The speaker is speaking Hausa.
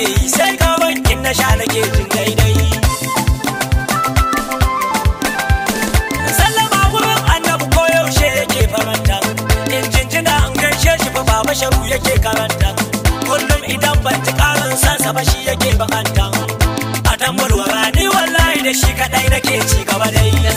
nake yi sai kawai kin na sha nake jin daidai sallama wurin annabi koyaushe yake faranta in jinjina in gaishe shi fa baba sharu yake karanta kullum idan ban ci karin sansa ba shi yake bakanta a tamurwa ni wallahi da shi kaɗai nake ci gaba dai